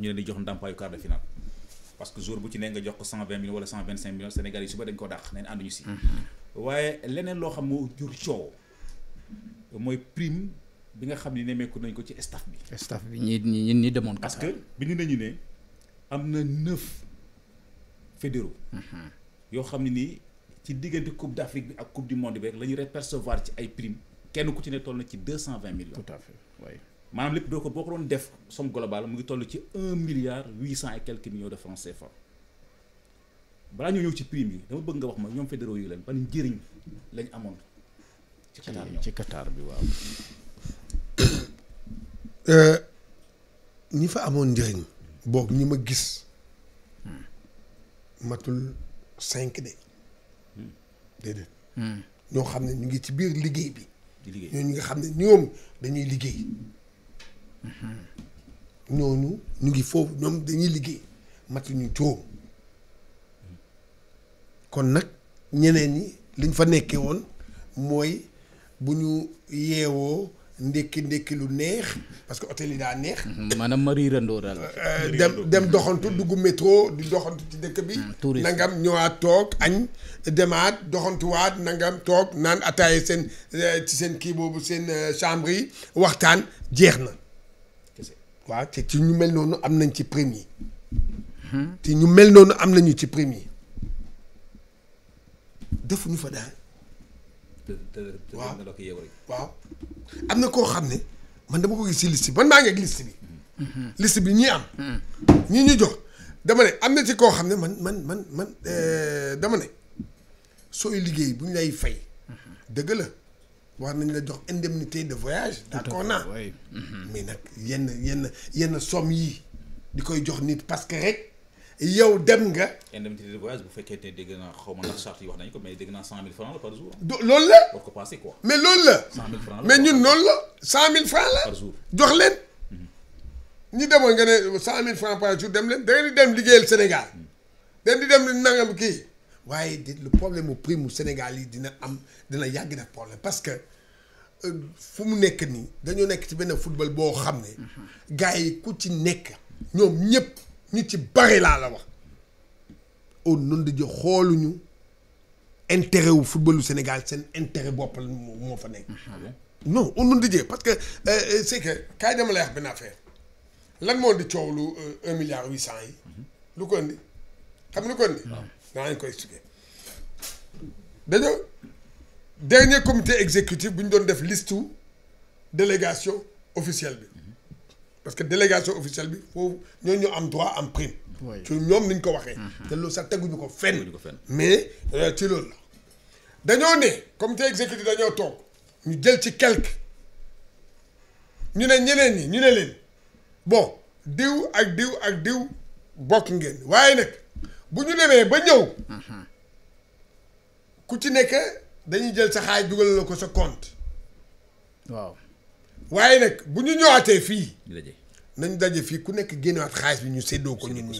ñu leen di jox ndàmpaayu quart de finale parce que jour bu ci nee nga jox ko cent vingt millions wala cent vingt cinq millions Sénégal yi suba dañ ko dàq neen ànduñu si mm-hmm. waaye leneen loo xam moo jur coow mooy prime bi nga xam ni nemmeeku nañ ko ci staff bi staff bi ñi ñi ñi demoon parce que bind nañu ne am na neuf fédéraux mm-hmm. yoo xam ne nii ci diggante coupe d'Afrique bi ak coupe du monde bi rek la ñuy percevoir ci ay prime kenn ku ci ne toll na ci deux cent vingt millions tout à waaye maanaam lépp doo ko boo ko doon def somme globale mu ngi toll ci un milliard huit cent et quelques millions de francs CFA balaa ñoo ñëw ci prime yi dama bëgg nga wax ma ñoom fédéraux yi leen ban njëriñ lañ amoon. ci ci Qatar bi waaw. Euh, fa amoon njëriñ. boog ñi ma gis. matul cinq de. déedéet. Hmm. Hmm. ñoo xam ne ñu ngi ci biir liggéey bi. ñoo ñi nga xam ne ñoom dañuy liggéey. ñooñu ñu ngi foofu ñoom dañuy liggéey matuñu juróom kon nag ñeneen ñi liñ fa nekkee woon mooy bu ñu yeewoo ndékki ndékki lu neex parce que hôtel yi daa neex. Mhm, maanaam ma riirandoo daal. Euh, dem dem doxantu dugg métro di doxantu ci dëkk bi. Mm, tourisme nangam ñëwaat toog añ. demaat doxantuwaat nangam toog naan ataaye seen euh, ci seen kii boobu seen euh, chambre yi waxtaan jeex na. waaw te ci ñu mel noonu am nañ ci prime yi te ñu mel noonu am nañu ci prime yi defuñu fa daan waaw waaw am na koo xam ne man dama ko gis ci liste bi man maa ngi ak bi liste bi ñi am ñi jox dama ne am na ci koo xam ne man man man man euh, dama ne sooy liggéey bu ñu lay fay dëgg la war nañ la jox indemnité de voyage. d'accord na mm-hmm. mm-hmm. mais nag yenn yenn yenn yi di koy jox nit parce que rek yow dem nga. indemnité de voyage bu fekkee te dégg naa xaw ma ndax charte yi wax nañu ko mais dégg naa cent mille francs la do loolu la. ko passé quoi. mais loolu la. mais ñun loolu la. cent mille francs la par jour jox leen. Mm-hmm. ñu demoon nga ne cent mille francs par jour dem leen da ngeen di dem liggéeyal Sénégal. da ngeen di dem nangam kii. waaye di le problème mu prix mu Sénégal yi dina am dina yàgg def problème parce que euh, fu mu nekk nii dañoo nekk ci benn football boo xam ne mhm. gars yi ku ci nekk ñoom ñëpp ñu ci bari laa la wax au nom de Dieu xooluñu intérêt wu footballu Sénégal seen intérêt bopp moo fa nekk mhm. ah non au nom de parce que euh, euh, c'est que kaay dama lay benn affaire lan moo di coow lu un milliard huit cent yi mhm. lu ko indi xam lu ko indi ah. daa leen ko expliqué dañoo dernier comité exécutif bu ñu doon def listu délégation officielle bi parce que délégation officielle bi foofu ñoo ñu am droit am prime ci ñoom niñ ko waxee mhm. te loolu sax teguñu ko fenn mais euh, ci loolu la dañoo ne comité exécutif dañoo toog ñu jël ci quelque ñu ne ñeneen yi ñu ne leen bon diw ak diw ak diw bokk ngeen waaye nag bu ñu demee ba ñëw mhm. ku ci nekk dañuy jël sa xaay dugal la ko sa compte waaw waaye nag bu ñu ñowaatee fii nañu daje fii ku nekk génnewaat xaalis bi ñu seddoo ko ñun ñi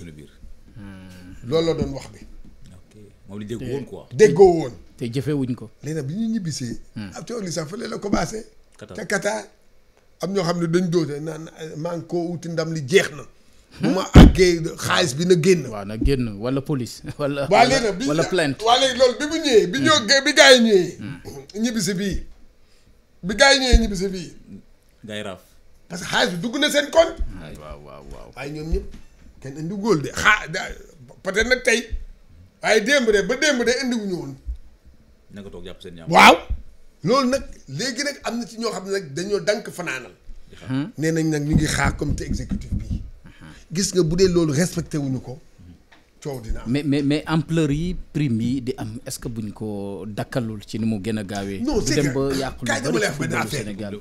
hmm. loolu la doon wax bi li déggoo woon quoi déggoo woon te jëfewuñ ko léegi bi ñu ñibbisee hmm. ab ah, coow li sax fële la commencé ca Qatar am ñoo xam ne dañ doote naan eh, maa ngi koo wuti ndam li jeex na bu ma àggee xaalis bi nag génn. waaw nag génn wala police. wala wala plainte waa léegi loolu bi mu ñëwee. bi ñoo bi gars yi ñëwee. Hmm. ñibbisi bii bi gars yi ñëwee ñibbisi bii. day raaf. parce que xaalis bi dugg na seen compte. waaw waaw waaw. ñoom ñëpp kenn indi góol de xaa peut-être nag tey waaye démb de ba démb de indiwuñu woon. na nga toog jàpp seen ñaam. waaw. loolu nag léegi nag am na ci ñoo xam ne nag dañoo dank fanaanal. Hmm? nee nañ nag ñu ngi xaar comité exécutif bi. gis nga bu dee loolu respecté wuñu ko coow dina am mais mais mais ampleur yi prime yi di am est-ce que buñ ko dakkalul ci ni mu gën a gaawee. non c'est dem ba yàqu lu bëri Sénégal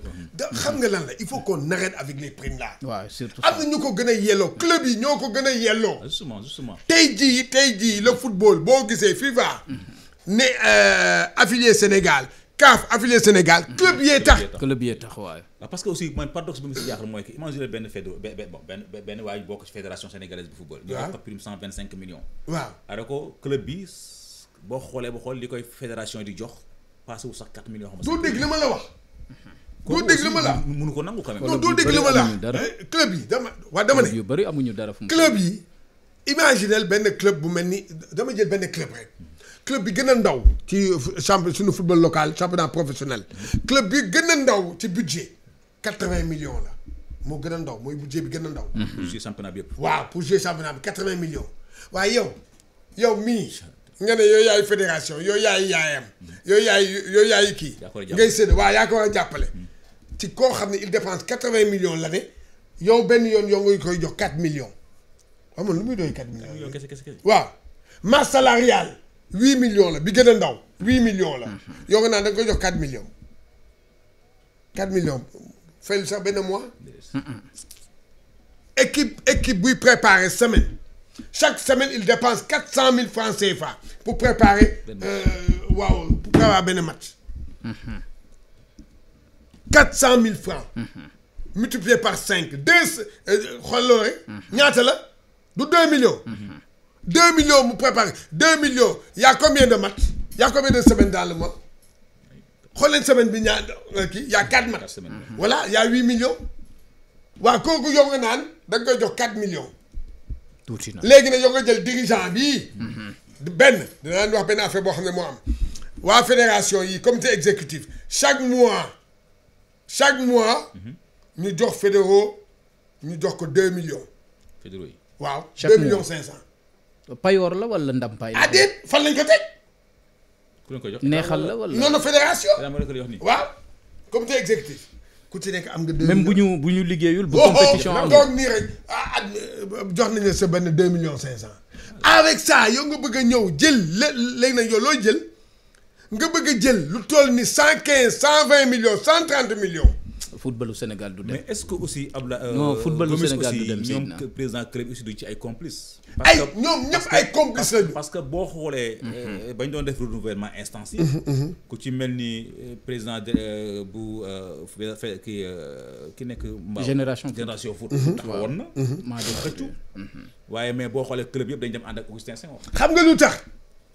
xam nga lan la il faut qu'on arrête avec les primes là. waaw surtout am gën a yelloo club yi ko gën a yelloo. justement justement tey jii tey jii le football boo gisee FIFA. ne euh, affilié Sénégal. CAF affilié Sénégal. Mm. club yee tax club yee tax waaye. Ah, parce aussi man paradoxe bi mu si jaaxal mooy que imagine benn fédé benn waa ñu bokk ci fédération sénégalaise bu football. ko prime cent vingt cinq millions. waaw alors que club bi boo xoolee ba xool li koy fédération di jox passé wu sax quatre millions. doo dégg li ma la wax. doo dégg li ma la wax mënu ko nangu quand même. non doo dégg li ma la wax club eh, yi dama ne. yu bëri amuñu dara fu mu club yi imaginel benn club bu mel ni dama jël benn club rek. club bi gën a ndaw ci champion suñu football local championnat professionnel club bi gën a ndaw ci budget quatre-vingts millions la moo gën a ndaw mooy budget bi gën a ndaw. Mm-hmm. pour jouer yëpp. waaw pour jouer championnat bi quatre-vingts millions waaye yow yow mii. nga ne yooyu yaay fédération yooyu yaay yaayam yooyu yaay yooyu yaay kii. ngay sédd waa yaa ko war a jàppale. Mm-hmm. ci koo xam ne il dépense quatre-vingts millions la ne yow benn yoon yoo nga koy jox quatre millions. waaw man lu muy doon quatre millions. waaw huit million la bi gën a ndaw huit millions la yo nga a da nga koy jox quatre millions quatre millions faylu sax équipe équipe buy préparer semaine chaque semaine il dépense quatre cent mille francs CFA pour préparer euh, waaw pour préparer benn match mhm. cent mille francs mhm. multiplié par cinq deux euh, xool mhm. ñaata la du deux millions 2 millions mu préparé 2 millions y' a combien de match y' a combien de semaines dans le xool leen semaine bi ñaan euh, kii y' a 4 match. Mm-hmm. voilà y' a millions. waaw kooku yow nga naan da koy jox 4 millions. tuuti léegi nag yow nga jël dirigeant bi mm-hmm. benn dinaa leen wax benn affaire boo xam ne moo am. waa fédération yi comité exécutif chaque mois chaque mois. Mm-hmm. ñu jox fédéraux ñu jox ko 2 millions. fédéraux yi waaw 2 millions 500. payoor la wala ndampaay la. Ah, déet fan lañ ko teg. ku leen ko jox neexal la wala noonu fédération. waaw comité exécutif. ku ci nekk am nga. deux même bu ñu bu ñu liggéeyul. bu oh, oh, compétition oh, am toog nii rek ah, ah jox nañu sa benn deux millions cinq cent. avec ça yow nga bëgg a ñëw jël léegi nag yow looy jël nga bëgg a jël lu toll ni cent quinze cent vingt millions cent trente millions. footballu Sénégal du dem. mais est-ce que aussi Abla. Euh, non footballu Sénégal du dem si ñoom président club aussi duñ ci ay complices. ay ñoom ñëpp ay complices lañu. parce que boo xoolee. Euh, mhm. bañ doon def renouvellement instance yi. Mhm, mhm. ku ci mel ni euh, président de bu ki ki nekk. génération génération foot. taxawoon na. maa ngi waaye mais boo xoolee club yëpp dañ dem ànd ak Augustin Senghor. xam nga lu tax.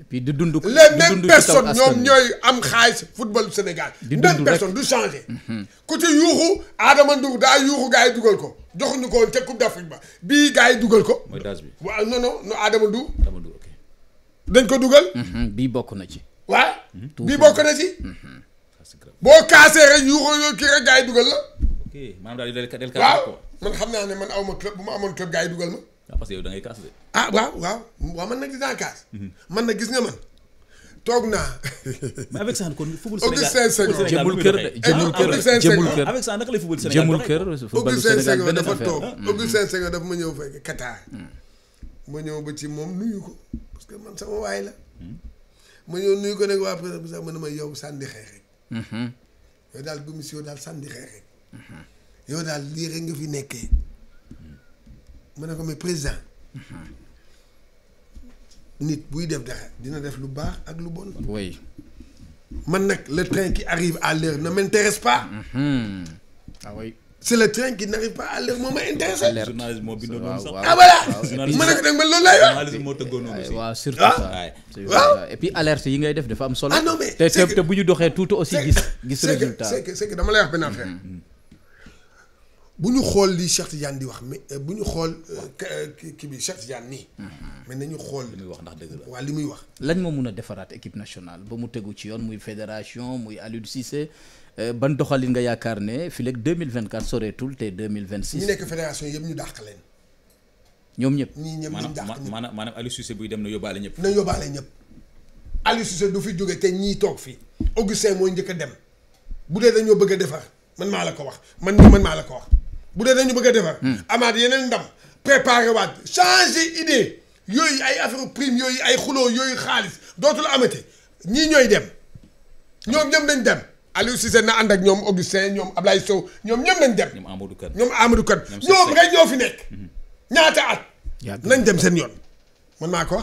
et puis di dund ko les mêmes personnes ñoom ñooy am xaalis football Sénégal. di dund même du changé. Mhm. ku ci yuuxu Adama Ndour daa yuuxu gars yi dugal ko joxuñu ko woon ca Coupe d'Afrique ba bii gars yi dugal ko. mooy daas bi waaw non non non Adama Ndour. dañ ko dugal. Mhm, bii bokk na ci. waa mhm, bii bokk na ci. boo kaasee rek yuuxu kii rek gars dugal la. ok maanaam daal di del waaw man xam naa ne man aw club ma amoon club gars yi dugal ma. waaw ah, parce que yow da ngay kaas de. ah waaw waaw waaw man nag dinaa kaas. Mhm. man nag gis nga man toog naa. mais avec ça kon football Sénégal jëmul kër ah, jëmul kër jëmul ah, kër avec ça naka lay football Sénégal jëmul kër football Sénégal benn dafa toog mhm. Augustin Senghor dafa ma ñëw fekk Qatar. Mhm. ma ñëw ba ci moom nuyu ko parce que man sama waay la. ma ñëw nuyu ko nag waa président bi sax ma ne ma yow sànni xeex rek. yow daal gumisi yow daal sànni xeex rek. yow daal lii rek nga fi nekkee. ma ne ko mais président nit buy def dara dina def lu baax ak lu bon. oui. man nag le train qui arrive à l'heure ne m'intéresse pas. Mm-hmm. Ah le train qui n'arrive pas à l'heure moo ma intéressé. journalisme moo bindoo noonu sax. ah voilà ma ne ko nag man loolu laay wax. journalisme moo tëggoo noonu aussi. waaw surtout ah. ça waaw ah. et puis alerte yi ngay def dafa am solo. ah non mais te te bu ñu doxee tuuti aussi. gis gis résultat c'est que dama lay wax bu ñu xool li Cheikh Tidiane di wax mais euh, bu ñu xool euh, euh, kii bi Cheikh Tidiane nii. Mm-hmm. mais nañu xool. li muy wax ndax dëgg la waaw li muy wax. lañ moo mun a defaraat équipe national ba mu tegu ci yoon muy fédération muy Aliou Cissé ban doxalin nga yaakaar ne fii léegi deux mille vingt quatre soreetul te deux mille vingt six. ñi nekk fédération yëpp ñu dàq leen. ñoom ñëpp ñu dàq ñëpp maanaam maanaam Aliou buy dem na yóbbaale ñëpp. na yóbbaale ñëpp Aliou Cissé du fi jóge te ñii toog fii Augustin mooy njëkk a dem bu dee dañoo bëgg a defar man maa la ko wax man man maa la ko wax bu dee dañu bëgg a defar. Hmm. amaat yeneen ndam préparé waat changer idée yooyu ay affaire prime yooyu ay xuloo yooyu xaalis dootul amati ñii ñooy dem ñoom ñoom nañ dem. Aliou Cissé na ànd ak ñoom Augustin ñoom Ablaye Sow ñoom ñoom nañ dem. ñoom Amadou Kane ñoom Amadou Kane ñoom rek ñoo fi nekk. Hmm. ñaata at. nañ dem seen yoon mën naa ko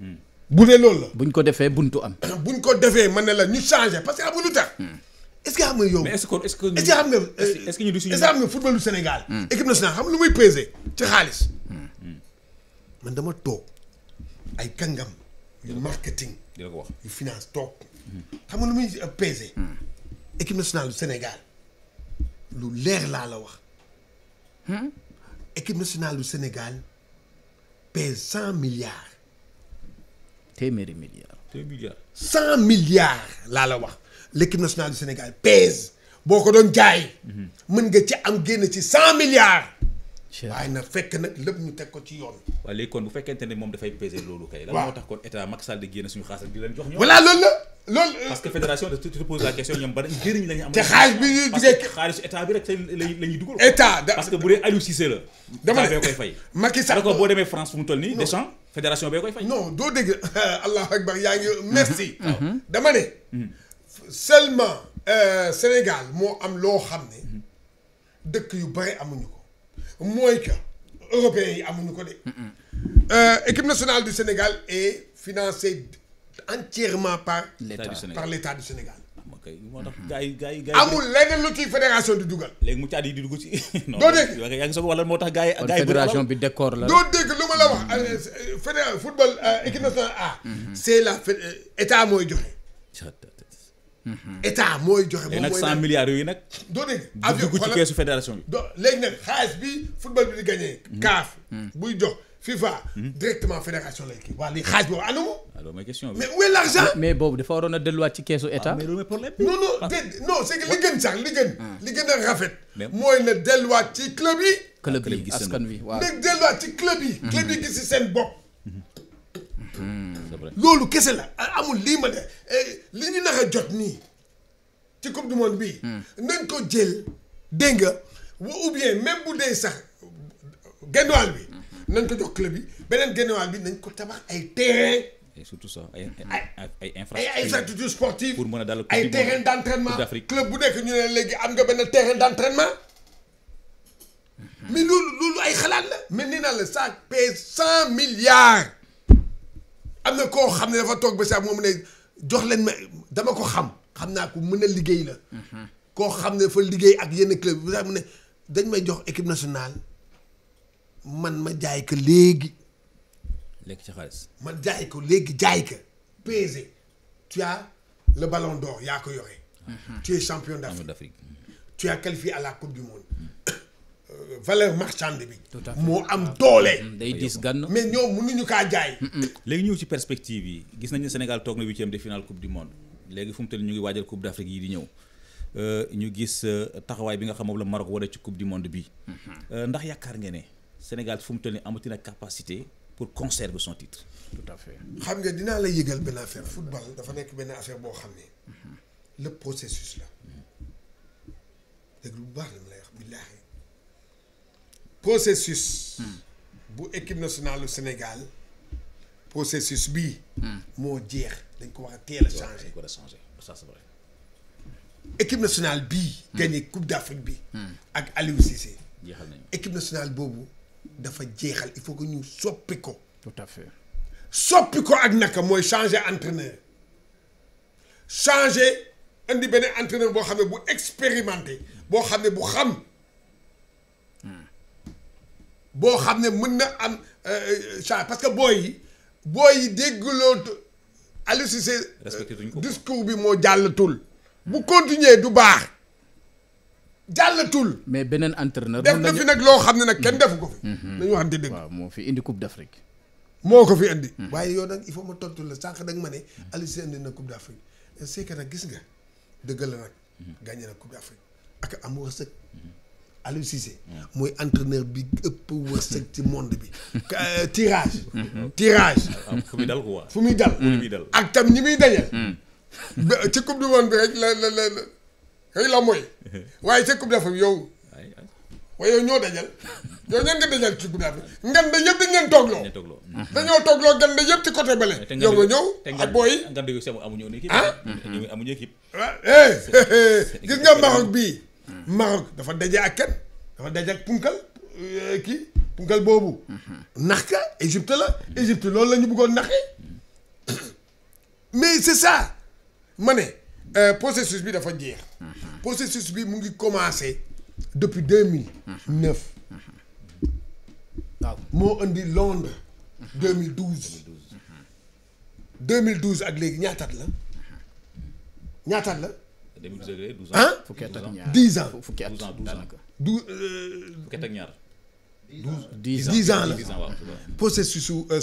hmm. bu dee loolu la. buñ ko defee buntu am. buñ ko defee mën na la ñu changer parce que amuñu tax. est-ce que xam nga yow. est-ce que est-ce que. est euh, est-ce que ñu du football du Sénégal. Hmm. équipe nationale xam lu muy peser ci xaalis. Hmm. man dama toog ay kàngam. yu marketing. dina ko yu finance toog. Hmm. xam nga lu muy euh, peser. équipe nationale du Sénégal lu leer laa la wax. équipe nationale du Sénégal pèse cent milliards. deux milliards cent milliards laa la wax l' équipe nationale du Sénégal pèse boo ko doon jaay. Mhm. mën nga ci am génn ci cent milliards. waaye na fekk nag lépp ñu teg ko ci yoon. waaw léegi kon bu fekkente ne moom dafay peser loolu kay. lan moo tax kon état Macky suñu xaalis di leen jox loolu la. loolu euh, parce que fédération de tu te poses la question ñoom ban njëriñ la ñu am. te xaalis bi ñuy duggee xaalisu état bi rek la ñuy dugal. état parce que bu dee Aliou Cissé la. dama ne koy fay. Macky Sall ko boo demee France fu mu toll nii. Deschamps fédération bee koy fay. non doo dégg allahu akbar yaa ngi merci. Mm-hmm. dama ne. Mm-hmm. Euh, Sénégal moo am loo xam ne mm-hmm. dëkk yu bare amuñu ko mooy que européens yi amuñu ko de. Euh, équipe nationale du Sénégal est financée. entièrement par. l'état du Sénégal par l'état du Sénégal. kay moo tax gars yi gars amul leneen lu ci fédération di dugal léegi mu ci at yi di ci doo moo tax gars yi bi décor la doo dégg lu ma la wax euh, fédéral football euh, équipe mm-hmm. euh, mooy joxe mm-hmm. état mooy joxe moom nag cent milliards yooyu nag doo dégg avion dugg ci keesu fédération bi léegi nag xaalis bi football bi di gagné kaaf mm-hmm. buy jox FIFA. directement fédération lay kii waa lii xaaj boobu anu. alors mooy question bi mais où est l'argent. mais boobu dafa waroon a delluwaat ci keesu état. Ah, mais loolu problème. non non ah. déet non c'est que li gën sax li gën. Ah. li gën a rafet. mooy na delluwaat ci club yi. club yi askan wi waaw nag delluwaat ci club yi. Mhm. club si seen bopp. Mhm. loolu kese la amul lii ma ne eh, li ñu nax a jot nii ci coupe du monde bii. Hmm. nañ ko jël dégg nga ou bien même bu dee sax genn bi. nañ ko jox club yi beneen génnewaal bi nañ ko tabax ay terrain. et surtout ça ay ay ay infrastructures sportives pour mën a dalal ay terrain d' entraînement club bu nekk ñu ne léegi am nga benn terrain d' entraînement. mais loolu loolu ay xalaat la mel ni naa la ça pèse cent milliards am na koo xam ne dafa toog ba saa moom ne jox leen ma dama ko xam xam naa ko mën a liggéey la mhm. koo xam ne dafa liggéey ak yenn club bi sax mu ne dañ may jox équipe nationale man ma jaay ko léegi. lekk ci xaalis. man jaay ko léegi jaay ko. PSG tu as le ballon d'or yaa ko yore. Mhm. tu es champion d'Afrique. tu as qualifié à la coupe du monde. Mhm. Euh, valeur marchande bi. moo am doole. Mhm, day diis gànn. mais ñoom mënuñu kaa jaay. léegi ñëw ci perspective yi gis nañu Sénégal toog na huitième de finale coupe du monde léegi fu mu toll ñu ngi waajal coupe d'Afrique yi di ñëw euh, ñu gis euh, taxawaay bi nga xam moom la Maroc war ci coupe du monde bi ndax yaakaar ne Sénégal fu mu toll nii amatina capacité pour conserver son titre. tout à fait. xam nga dinaa la yëgal benn affaire football dafa nekk benn affaire boo xam ne le processus la dégg bu baax la ma lay wax billaahi processus. bu équipe nationale du Sénégal processus bi moo jeex dañ ko wax a teel a changé. dañ ko war a changé ça c'est vrai. équipe nationale bii. Hmm. gagné coupe d'Afrique bi. Hmm. ak Aliou Cissé. jeexal nañu nationale boobu. dafa jeexal il faut que ñu soppi ko. tout à fait soppi ko ak naka mooy changer entraîneur changer indi benn entraîneur boo xam ne bu expérimenté boo xam ne bu xam. boo xam ne mën na am euh, euh, change parce que booy yi booy yi déggloo Aliou Cissé. respecté duñ euh, discours bi moo jàllatul. bu continuer du baax. jàllatul. mais beneen entraîneur. def na fi nag loo xam ne nag kenn mm-hmm. defu ko fi. Mm-hmm. nañu waxante dëgg. moo fi indi coupe d'Afrique. moo ko fi indi. Mm-hmm. waaye yow nag il faut ma tontu la sànq nag ma ne. Aliou Cissé indi na coupe d'Afrique c'est que nag gis nga dëgg la nag. gagné na coupe d'Afrique ak am wërsëg. Aliou Cissé mooy entraîneur bi ëpp wërsëg ci monde bi. Euh, tirage. tirage. fu muy dal quoi. fu muy dal. ak tam ñi muy dajal. ci coupe du monde bi rek la la la. kay la mooy waaye ca coupe dafa yow waaye ñoo dajal yow ñan nga dajal ci coupe dafa ngan da yëpp dañ leen toogloo dañoo toogloo ngan da yëpp ci côté bale yow nga ñëw ak booy ngan da yooyu amuñu woon équipe ah amuñu équipe ah, eh, gis nga Maroc bii Maroc dafa daje ak kenn dafa dajal ak punkal euh, kii punkal boobu mhm. nax ka Égypte la Égypte loolu lañu buggoon bëggoon mais c'est ça ma ne Euh, processus bi dafa jeex. Mhm. processus bi mu ngi commencé depuis deux mille mhm. neuf. moo indi Londres. Mhm. deux mille douze. deux ak léegi ñaataat la ñaataat la. deux mille douze ak léegi douze ans fukki at ak ñaar dix ans fukki at douze euh, dix ans dix ans la processus euh,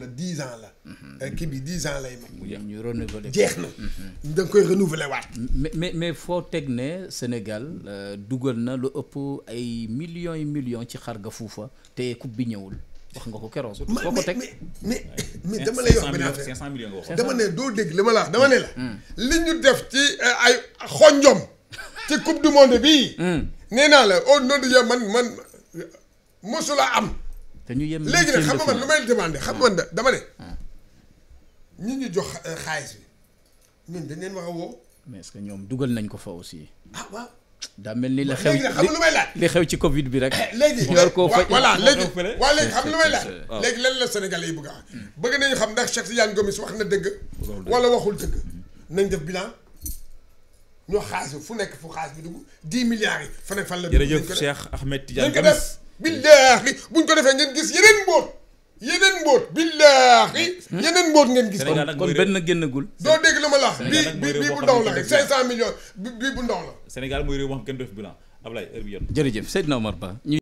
la dix ans la. Mhm. Euh, kii bi dix ans lay mën. ñu renouveler jeex na. Mhm. da koy renouveler waat. mais mais mais foo teg ne Sénégal euh, dugal na lu ëpp ay millions yi millions ci xar ga fuufa te coupe bi ñëwul wax nga ko keroog. foo ko teg mais mais mais dama lay wax. benn affaire 500 dama ne doo dégg li ma la dama mm. li ñu def ci ay xonjom ci coupe du monde bii. Mm. nee la au nom de man man. mosula am. te ñu yem léegi nag xam nga man lu may demandé xam nga man dama ne. Ah. Ah. ñi ñu jox euh, xaalis bi ñun dañ leen wax a woo. mais est que ñoom dugal nañ ko fa aussi. ah waaw. daa mel ni la xew léegi nag xam nga may laaj. li xew ci Covid bi rek. Eh, léegi léegi koo fa voilà léegi waaw léegi xam lu may laaj. léegi lan la Sénégalais yi bëgg a wax. Hmm. bëgg nañu xam ndax Cheikh Tidiane Gomis wax na dëgg. wala waxul dëgg. Hmm. nañ def bilan ñoo xaalis bi fu nekk fu xaalis bi dugg dix milliards yi. fa nekk fan la dugg jërëjëf Cheikh Ahmed Tidiane Gomis billaahi buñ ko defee ngeen gis yeneen mbóot yeneen mbóot billaahi yeneen mbóot ngeen gis kon benn génnagul doo dégg lu ma la bi bi bii bu ndaw la rek cinq cent millions bi bu ndaw la Sénégal mooy réew moo xam kenn def bilan Ablaye heure bi jot jërëjëf Seydina